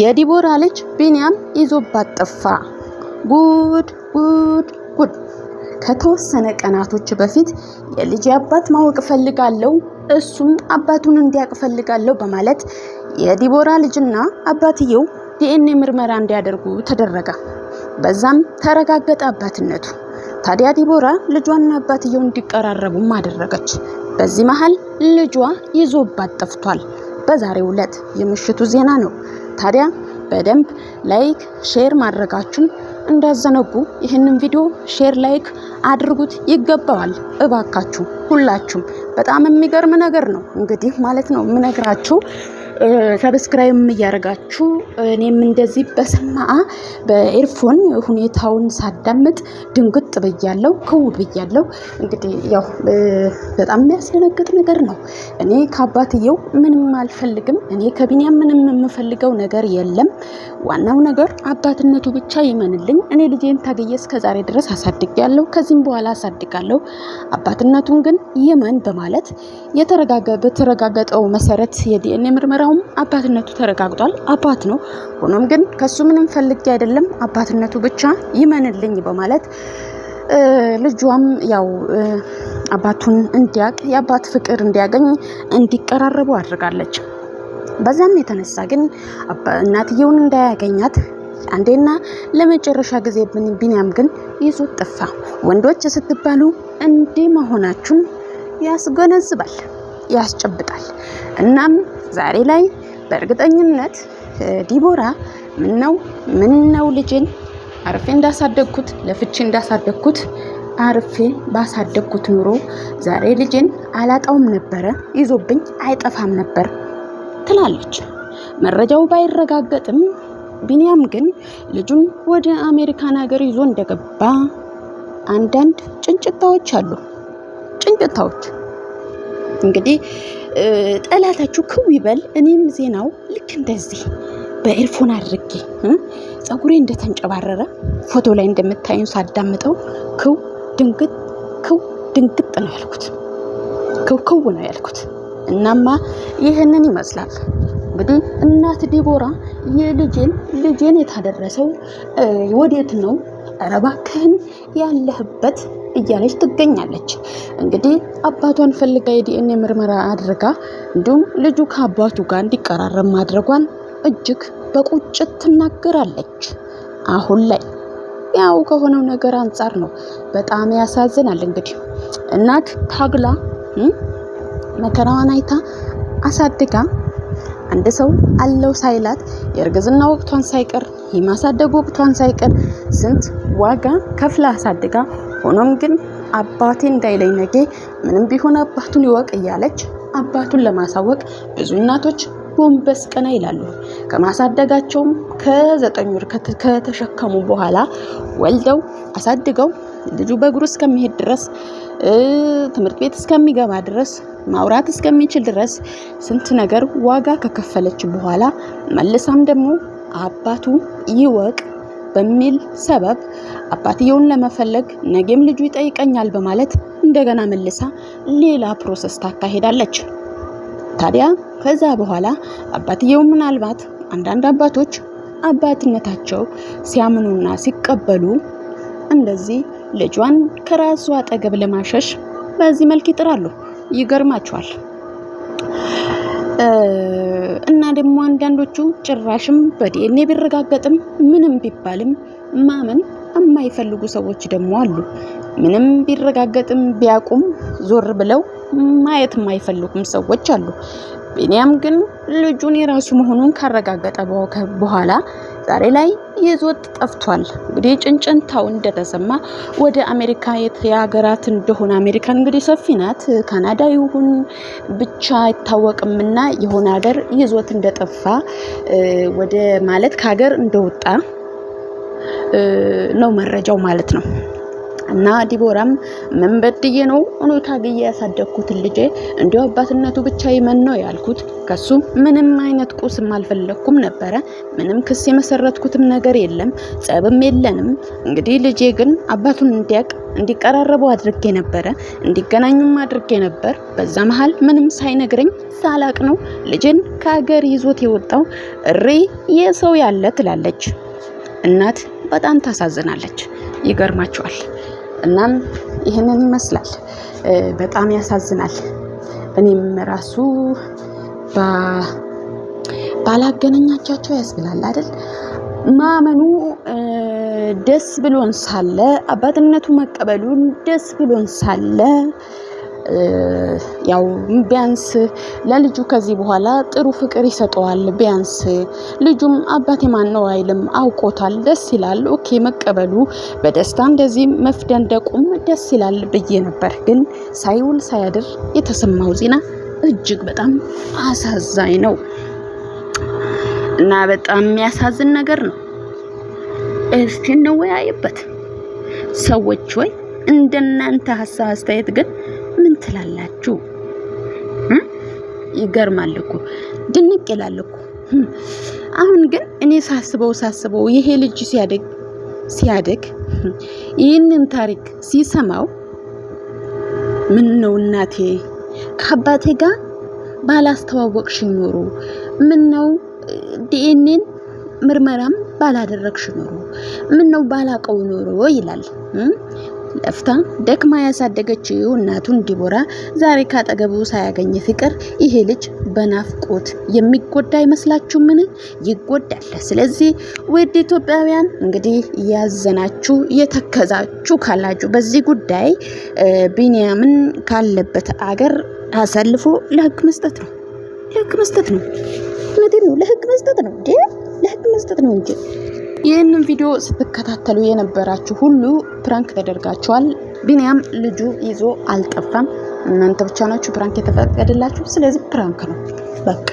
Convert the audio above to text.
የዲቦራ ልጅ ቢንያም ይዞባት ጠፋ። ጉድ ጉድ ጉድ! ከተወሰነ ቀናቶች በፊት የልጅ አባት ማወቅ እፈልጋለሁ፣ እሱም አባቱን እንዲያውቅ እፈልጋለሁ በማለት የዲቦራ ልጅና አባትየው ዲኤንኤ ምርመራ እንዲያደርጉ ተደረገ። በዛም ተረጋገጠ አባትነቱ። ታዲያ ዲቦራ ልጇና አባትየው እንዲቀራረቡም አደረገች። በዚህ መሀል ልጇ ይዞባት ጠፍቷል። በዛሬው ዕለት የምሽቱ ዜና ነው። ታዲያ በደንብ ላይክ ሼር ማድረጋችሁን እንዳዘነጉ። ይህንን ቪዲዮ ሼር ላይክ አድርጉት፣ ይገባዋል እባካችሁ ሁላችሁም። በጣም የሚገርም ነገር ነው እንግዲህ ማለት ነው የምነግራችሁ። ሰብስክራይብ እያደረጋችሁ እኔም እንደዚህ በሰማአ በኤርፎን ሁኔታውን ሳዳምጥ ድንግ ፍጥጥ ብያለው ክው ብያለው። እንግዲህ ያው በጣም የሚያስደነግጥ ነገር ነው። እኔ ከአባትየው ምንም አልፈልግም። እኔ ከቢኒያም ምንም የምፈልገው ነገር የለም። ዋናው ነገር አባትነቱ ብቻ ይመንልኝ። እኔ ልጄን ታገየ እስከዛሬ ድረስ አሳድጌያለሁ፣ ከዚህም በኋላ አሳድጋለሁ። አባትነቱን ግን ይመን በማለት በተረጋገጠው መሰረት የዲኤንኤ ምርመራውም አባትነቱ ተረጋግጧል። አባት ነው። ሆኖም ግን ከሱ ምንም ፈልጌ አይደለም፣ አባትነቱ ብቻ ይመንልኝ በማለት ልጇም ያው አባቱን እንዲያቅ የአባት ፍቅር እንዲያገኝ እንዲቀራረቡ አድርጋለች። በዛም የተነሳ ግን እናትየውን እንዳያገኛት አንዴና ለመጨረሻ ጊዜ ቢንያም ግን ይዞ ጠፋ። ወንዶች ስትባሉ እንዲህ መሆናችሁን ያስገነዝባል፣ ያስጨብጣል። እናም ዛሬ ላይ በእርግጠኝነት ዲቦራ ምን ነው ምን ነው ልጅን አርፌ እንዳሳደግኩት ለፍቼ እንዳሳደግኩት አርፌ ባሳደግኩት ኑሮ ዛሬ ልጅን አላጣውም ነበረ፣ ይዞብኝ አይጠፋም ነበር ትላለች። መረጃው ባይረጋገጥም ቢንያም ግን ልጁን ወደ አሜሪካን ሀገር ይዞ እንደገባ አንዳንድ ጭንጭታዎች አሉ። ጭንጭታዎች እንግዲህ ጠላታችሁ ክው ይበል። እኔም ዜናው ልክ እንደዚህ በኤርፎን አድርጌ ፀጉሬ እንደተንጨባረረ ፎቶ ላይ እንደምታዩን ሳዳምጠው ክው ድንግጥ ክው ድንግጥ ነው ያልኩት፣ ክው ክው ነው ያልኩት። እናማ ይህንን ይመስላል እንግዲህ እናት ዲቦራ የልጄን ልጄን የታደረሰው ወዴት ነው? ኧረ እባክህን ያለህበት እያለች ትገኛለች። እንግዲህ አባቷን ፈልጋ የዲኤንኤ ምርመራ አድርጋ እንዲሁም ልጁ ከአባቱ ጋር እንዲቀራረብ ማድረጓን እጅግ በቁጭት ትናገራለች። አሁን ላይ ያው ከሆነው ነገር አንጻር ነው። በጣም ያሳዝናል። እንግዲህ እናት ታግላ መከራዋን አይታ አሳድጋ አንድ ሰው አለው ሳይላት የእርግዝና ወቅቷን ሳይቀር የማሳደግ ወቅቷን ሳይቀር ስንት ዋጋ ከፍላ አሳድጋ፣ ሆኖም ግን አባቴ እንዳይለኝ ነገ ምንም ቢሆን አባቱን ይወቅ እያለች አባቱን ለማሳወቅ ብዙ እናቶች ጎንበስ ቀና ይላሉ። ከማሳደጋቸውም ከዘጠኝ ወር ከተሸከሙ በኋላ ወልደው አሳድገው ልጁ በእግሩ እስከሚሄድ ድረስ ትምህርት ቤት እስከሚገባ ድረስ ማውራት እስከሚችል ድረስ ስንት ነገር ዋጋ ከከፈለች በኋላ መልሳም ደግሞ አባቱ ይወቅ በሚል ሰበብ አባትየውን ለመፈለግ ነገም ልጁ ይጠይቀኛል በማለት እንደገና መልሳ ሌላ ፕሮሰስ ታካሄዳለች። ታዲያ ከዛ በኋላ አባትየው ምናልባት አንዳንድ አባቶች አባትነታቸው ሲያምኑና ሲቀበሉ እንደዚህ ልጇን ከራሱ አጠገብ ለማሸሽ በዚህ መልክ ይጥራሉ። ይገርማቸዋል። እና ደግሞ አንዳንዶቹ ጭራሽም በዲኤንኤ ቢረጋገጥም ምንም ቢባልም ማመን የማይፈልጉ ሰዎች ደግሞ አሉ። ምንም ቢረጋገጥም ቢያውቁም ዞር ብለው ማየት የማይፈልጉም ሰዎች አሉ። ቢኒያም ግን ልጁን የራሱ መሆኑን ካረጋገጠ በኋላ ዛሬ ላይ ይዞት ጠፍቷል። እንግዲህ ጭንጭንታው እንደተሰማ ወደ አሜሪካ የሀገራት እንደሆነ አሜሪካ እንግዲህ ሰፊ ናት፣ ካናዳ ይሁን ብቻ አይታወቅምና የሆነ ሀገር ይዞት እንደጠፋ ወደ ማለት ከሀገር እንደወጣ ነው መረጃው ማለት ነው። እና ዲቦራም ምን በድዬ ነው እኔ ታግዬ ያሳደግኩትን ልጄ እንዲሁ አባትነቱ ብቻ ይመን ነው ያልኩት። ከሱ ምንም አይነት ቁስም አልፈለግኩም ነበረ። ምንም ክስ የመሰረትኩትም ነገር የለም፣ ጸብም የለንም። እንግዲህ ልጄ ግን አባቱን እንዲያቅ እንዲቀራረቡ አድርጌ ነበረ፣ እንዲገናኙም አድርጌ ነበር። በዛ መሀል ምንም ሳይነግረኝ ሳላቅ ነው ልጅን ከሀገር ይዞት የወጣው። እሬ የሰው ያለ ትላለች እናት። በጣም ታሳዝናለች። ይገርማቸዋል። እናም ይህንን ይመስላል። በጣም ያሳዝናል። እኔም ራሱ ባላገነኛቻቸው ያስብላል አይደል? ማመኑ ደስ ብሎን ሳለ አባትነቱ መቀበሉን ደስ ብሎን ሳለ ያው ቢያንስ ለልጁ ከዚህ በኋላ ጥሩ ፍቅር ይሰጠዋል። ቢያንስ ልጁም አባቴ ማን ነው አይልም፣ አውቆታል። ደስ ይላል። ኦኬ መቀበሉ በደስታ እንደዚህ መፍደንደቁም ደስ ይላል ብዬ ነበር። ግን ሳይውል ሳያድር የተሰማው ዜና እጅግ በጣም አሳዛኝ ነው እና በጣም የሚያሳዝን ነገር ነው። እስቲ እንወያይበት ሰዎች ወይ እንደናንተ ሀሳብ አስተያየት ግን ትላላችሁ? ይገርማል እኮ ድንቅ ይላል እኮ። አሁን ግን እኔ ሳስበው ሳስበው ይሄ ልጅ ሲያደግ ሲያደግ ይህንን ታሪክ ሲሰማው ምን ነው እናቴ ከአባቴ ጋር ባላስተዋወቅሽ ኖሮ፣ ምን ነው ዲኤንኤን ምርመራም ባላደረግሽ ኖሮ፣ ምን ነው ባላቀው ኖሮ ይላል። ለፍታ ደክማ ያሳደገችው እናቱን ዲቦራ ዛሬ ካጠገቡ ሳያገኝ ፍቅር ይሄ ልጅ በናፍቆት የሚጎዳ አይመስላችሁ? ምን ይጎዳል። ስለዚህ ውድ ኢትዮጵያውያን እንግዲህ ያዘናችሁ የተከዛችሁ ካላችሁ በዚህ ጉዳይ ቢንያምን ካለበት አገር አሳልፎ ለህግ መስጠት ነው። ለህግ መስጠት ነው። እውነቴን ነው። ለህግ መስጠት ነው። ለህግ መስጠት ነው እንጂ ይህንን ቪዲዮ ስትከታተሉ የነበራችሁ ሁሉ ፕራንክ ተደርጋችኋል። ቢኒያም ልጁ ይዞ አልጠፋም። እናንተ ብቻ ናችሁ ፕራንክ የተፈቀደላችሁ። ስለዚህ ፕራንክ ነው በቃ።